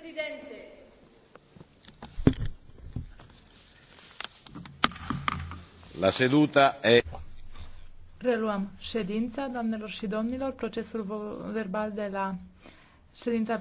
Presidente. La seduta è. Reluăm ședința, doamnelor și domnilor, procesul verbal de la ședința